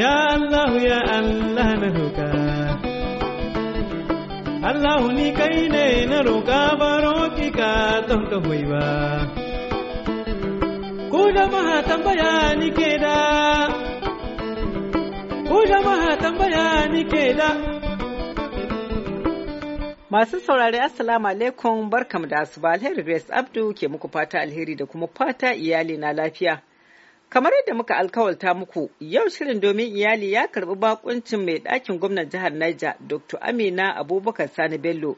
Ya Allah ya Allah na roƙa Allah ni kai ne na roƙa baro ki ka don ka ba Ku maha tambaya ni ke da Ku maha tambaya ni ke da Masu saurari Assalamu alaikum barkam da asuba alheri Grace Abdu ke muku fata alheri da kuma fata iyali na lafiya. Kamar yadda muka alkawalta muku, yau shirin domin iyali ya karbi bakuncin mai ɗakin gwamnan jihar Niger, Dr. Amina Abubakar Sani Bello.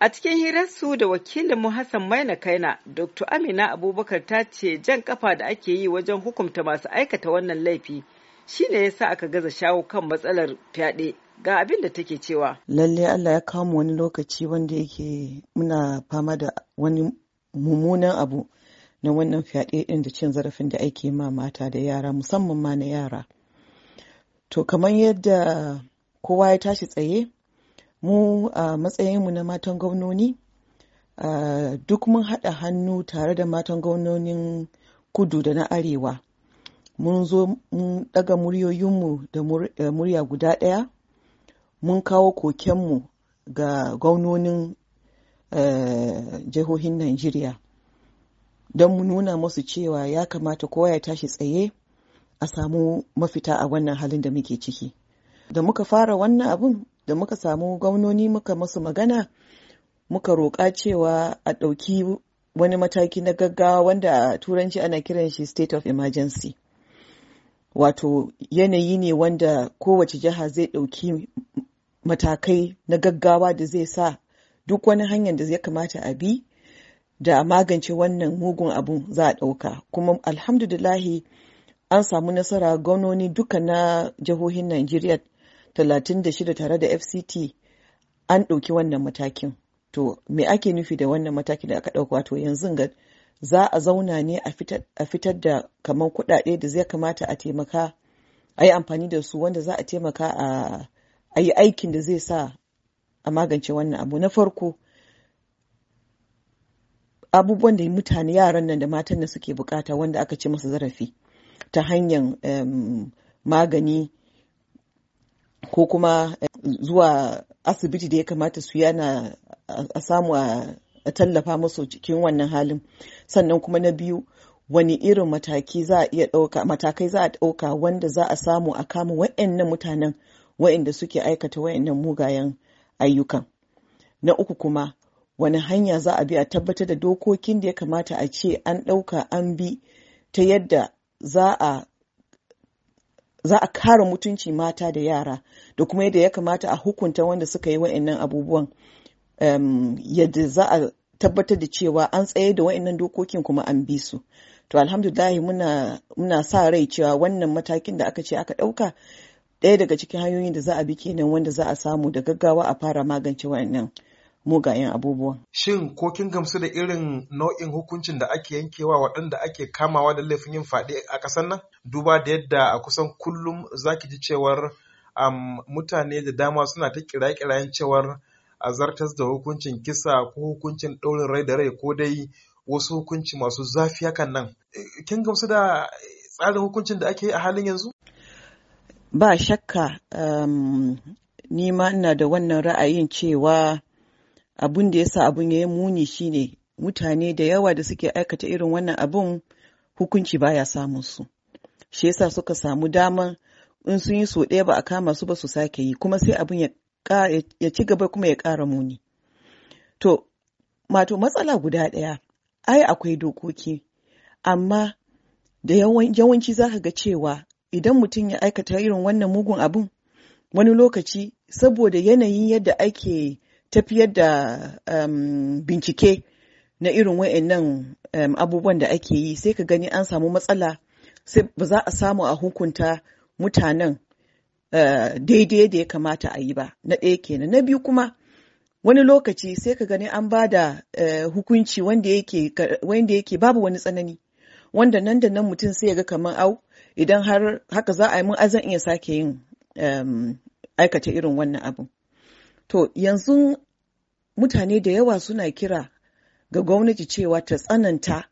A cikin hirarsu da wakilin mu Hassan Maina Kaina, Dr. Amina Abubakar ta ce jan kafa da ake yi wajen hukumta masu aikata wannan laifi shine yasa aka gaza shawo kan matsalar fyaɗe. Ga abin da take cewa. Lalle Allah ya kawo mu wani lokaci wanda yake muna fama da wani mummunan abu na wannan fyaɗe ɗin da cin zarafin da ake ma mata da yara musamman ma na yara to kamar yadda kowa ya tashi tsaye mu a matsayinmu na matan gwamnoni duk mun haɗa hannu tare da matan gwamnonin kudu da na arewa mun zo mun ɗaga muryoyinmu da murya guda ɗaya mun kawo kokenmu ga gwamnonin eh, jihohin najeriya don mu nuna musu cewa ya kamata kowa ya tashi tsaye a samu mafita a wannan halin da muke ciki da muka fara wannan abun da muka samu gwamnoni muka masu magana muka roƙa cewa a ɗauki wani mataki na gaggawa wanda a turanci ana kiran shi state of emergency wato yanayi ne wanda kowace jiha zai ɗauki matakai na gaggawa da zai sa duk wani hanyar da zai kamata a bi da magance wannan mugun abu za a ɗauka kuma alhamdulillahi an samu nasara gwamnoni duka na jihohin Najeriya 36 tare da FCT an ɗauki wannan matakin. To, me ake nufi da wannan matakin da aka ɗauka wato yanzu ga za a zauna ne a fitar da kamar kuɗaɗe da zai kamata a taimaka a yi amfani da su wanda za a taimaka a yi aikin da zai sa a magance wannan abu. Na farko, abubuwan da mutane yaran nan da matan nan suke bukata wanda aka ce masa zarafi ta hanyar magani ko kuma zuwa asibiti da ya kamata su yana a samu a tallafa masu cikin wannan halin sannan kuma na biyu wani irin mataki za a ɗauka matakai za a ɗauka wanda za a samu a kama wa'annan mutanen wa'anda suke aikata wa'annan mugayen ayyukan na uku kuma wani hanya za a bi a tabbatar da dokokin da ya kamata a ce an ɗauka an bi ta yadda za a za kare mutunci mata da yara da kuma yadda ya kamata a hukunta wanda suka yi wa'annan abubuwan yadda za a tabbatar da cewa an tsaye da wa'annan dokokin kuma an bi su to alhamdulahi muna, sa rai cewa wannan matakin da aka ce aka ɗauka ɗaya daga cikin hanyoyin da za a bi kenan wanda za a samu da gaggawa a fara magance wa'annan mugayen abubuwan. Shin ko kin gamsu da irin nau'in hukuncin da ake yankewa waɗanda ake kamawa da laifin yin faɗi a ƙasar nan? Duba da yadda a kusan kullum za ki ji cewar um, mutane da dama suna ta kirayen cewar a zartas da hukuncin kisa ko hukuncin ɗaurin rai da rai ko dai wasu hukunci masu zafi hakan nan. Kin gamsu da tsarin hukuncin da ake yi a halin yanzu? Ba shakka um, nima ina da wannan ra'ayin cewa Abin da ya sa abin ya yi muni shine mutane da yawa da suke aikata irin wannan abin hukunci baya samun su shi yasa suka samu dama in sun yi so ɗaya ba a kama su ba su sake yi kuma sai abin ya ci gaba kuma ya ƙara muni to mato matsala guda ɗaya ai akwai dokoki amma da yawanci za ka ga cewa idan mutum ya aikata irin wannan mugun abin wani lokaci saboda yanayin yadda ake tafiyar da um, bincike na irin nan um, abubuwan da ake yi sai ka gani an samu matsala sai ba za a samu a hukunta mutanen uh, daidai da ya kamata a yi ba na ɗaya kenan na biyu kuma wani lokaci sai ka gani an ba da uh, hukunci wanda yake, babu wani tsanani wanda nan da nan mutum sai ya ga kamar au idan har haka za a yi mun azan iya sake yin um, aikata irin wannan abin To yanzu mutane da yawa suna kira ga gwamnati cewa ta tsananta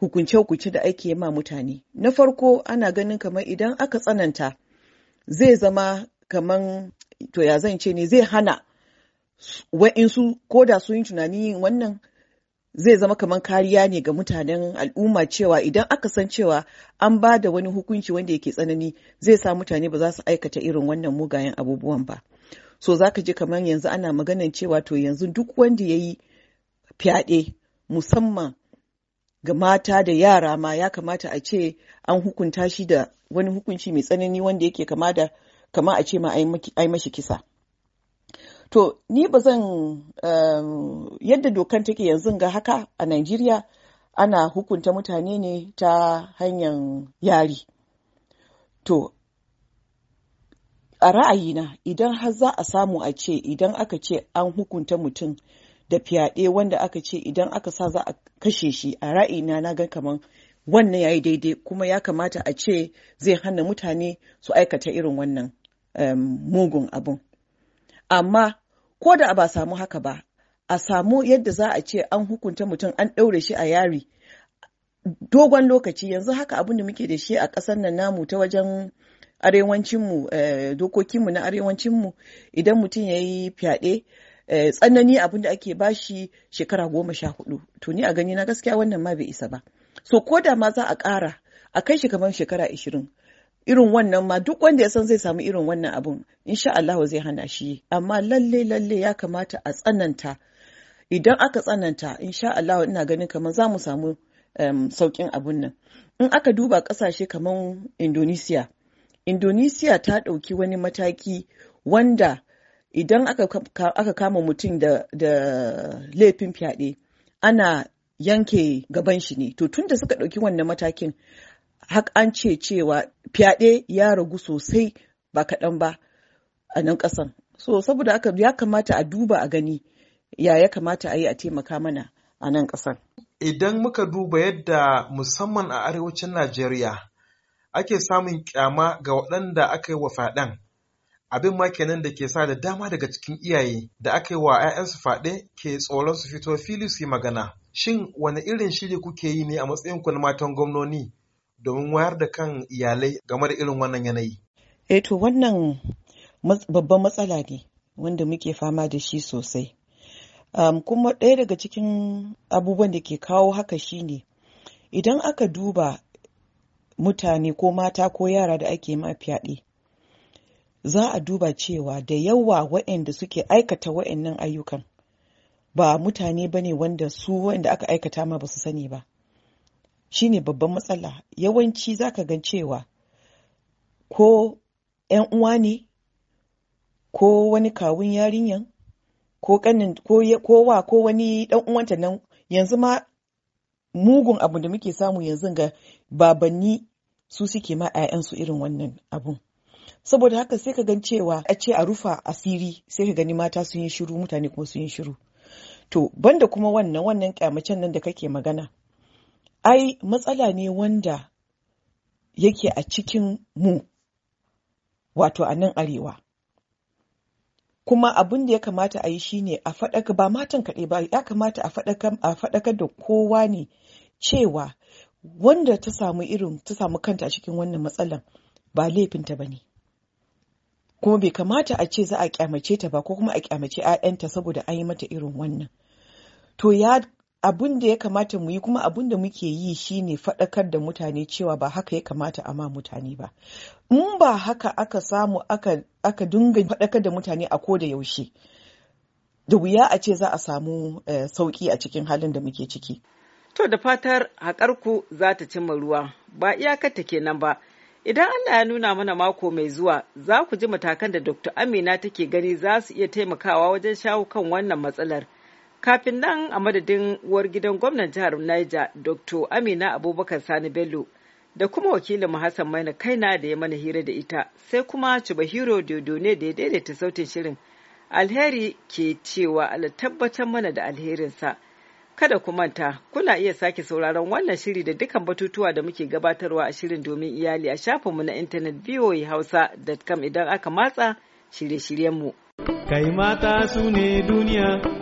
hukunce-hukunce da ake ma mutane. Na farko ana ganin kamar idan aka tsananta zai zama kamar to ya zan ce ne zai hana wa'insu ko da sun yi tunani yin wannan zai zama kamar kariya ne ga mutanen al'umma cewa idan aka san cewa an ba da wani hukunci wanda yake tsanani zai sa mutane ba za su aikata irin wannan mugayen abubuwan ba. so zaka ji kamar yanzu ana maganan cewa to yanzu duk wanda ya yi fyaɗe musamman ga mata da yara ma ya kamata a ce an hukunta shi da wani hukunci mai tsanani wanda yake kama da kama a ce ma ai mashi kisa to ni ba zan um, yadda dokan take yanzu ga haka a Najeriya ana hukunta mutane ne ta hanyar yari to a ra'ayina idan har za a samu a ce idan aka ce an hukunta mutum da fyaɗe wanda aka ce idan aka sa za a kashe shi a ra'ayina na ga kamar wannan ya yi daidai kuma ya kamata a ce zai hana mutane su aikata irin wannan mugun abun amma ko da ba samu haka ba a samu yadda za a ce an hukunta mutum an ɗaure shi a yari dogon lokaci yanzu haka abin da muke da shi a ƙasar nan namu ta wajen arewancinmu eh, dokokinmu na arewancinmu idan mutum ya yi fyaɗe eh, tsanani abin da ake bashi shekara goma sha hudu to ni a gani na gaskiya wannan ma bai isa ba so ko da ma za a ƙara a kai shi kamar shekara ashirin irin wannan ma duk wanda ya san zai samu irin wannan abun insha Allah zai hana shi amma lalle lalle ya kamata a tsananta idan aka tsananta insha Allah ina ganin kamar za mu samu um, saukin abun nan in aka duba ƙasashe kamar Indonesia Indonesiya ta ɗauki wani mataki wanda idan aka kama mutum da, laifin fyaɗe ana yanke gaban shi ne. To tunda suka ɗauki wannan matakin hak an ce cewa fyaɗe ya ragu sosai ba kaɗan ba a nan ƙasan. So saboda aka ya kamata a duba a gani ya ya kamata a yi a taimaka mana a nan ƙasan. Idan muka duba yadda musamman a arewacin Najeriya ake samun kyama ga waɗanda aka yi wa faɗan, Abin ma kenan da ke sa da dama daga cikin iyaye da aka yi wa 'ya'yansu faɗe ke tsoron su fito fili su yi magana. Shin wani irin shiri kuke yi ne a matsayinku na matan gwamnoni domin wayar da kan iyalai game da irin wannan yanayi? E, to wannan babban matsala ne wanda muke fama da shi sosai. Um, kuma ɗaya daga cikin abubuwan da ke kawo haka shine idan aka duba mutane ko mata ko yara da ake ma fyaɗe za a duba cewa da yawa waɗanda suke aikata waɗannan ayyukan ba mutane ba ne wanda su waɗanda aka aikata ma ba su sani ba shi ne babban matsala yawanci za ka gan cewa ko 'yan uwa ne ko wani kawun yarinyan ko wa ko wani ɗan uwanta nan yanzu ma mugun abu da muke samu yanzu ga babanni su suke ma 'ya'yansu irin wannan abun saboda haka sai ka gan cewa a ce a rufa asiri sai ka gani mata sun yi shiru mutane kuma sun yi shiru to banda kuma wannan wannan kyamacen nan da kake magana ai matsala ne wanda yake a cikin mu wato a nan arewa kuma abin da ya kamata a yi shine a faɗaka ba matan kaɗai ba ya kamata a faɗakar da kowa ne cewa wanda ta samu irin ta samu kanta a cikin wannan matsalan ba laifinta ba ne kuma bai kamata a ce za a kyamace ta ba ko kuma a kyamace 'ya'yanta saboda an yi mata irin wannan to Abin da ya kamata mu yi kuma abin da muke yi shine faɗakar da mutane cewa ba haka ya kamata a ma mutane ba in ba haka aka samu aka, dinga faɗakar da mutane a ko da yaushe da wuya a ce za a samu eh, sauƙi a cikin halin da muke ciki to da fatar haƙarku za ta cimma ruwa ba iyakar ta kenan ba Idan Allah ya nuna mana mako mai zuwa, za ku ji matakan da Dr. Amina take gani za su iya taimakawa wajen shawo kan wannan matsalar. Kafin nan a madadin uwar gidan gwamnan jihar Niger Dr. Amina Abubakar Sani Bello da kuma wakilin mu Hassan Maina Kaina da ya mana hira da ita sai kuma hero Dodo ne da ya daidaita sautin shirin. Alheri ke cewa ala tabbatar mana da alherinsa. Kada ku manta, kuna iya sake sauraron wannan shiri da dukkan batutuwa da muke gabatarwa a shirin domin iyali a shafinmu na intanet voahausa.com idan aka matsa shirye-shiryenmu. Kai mata su ne duniya,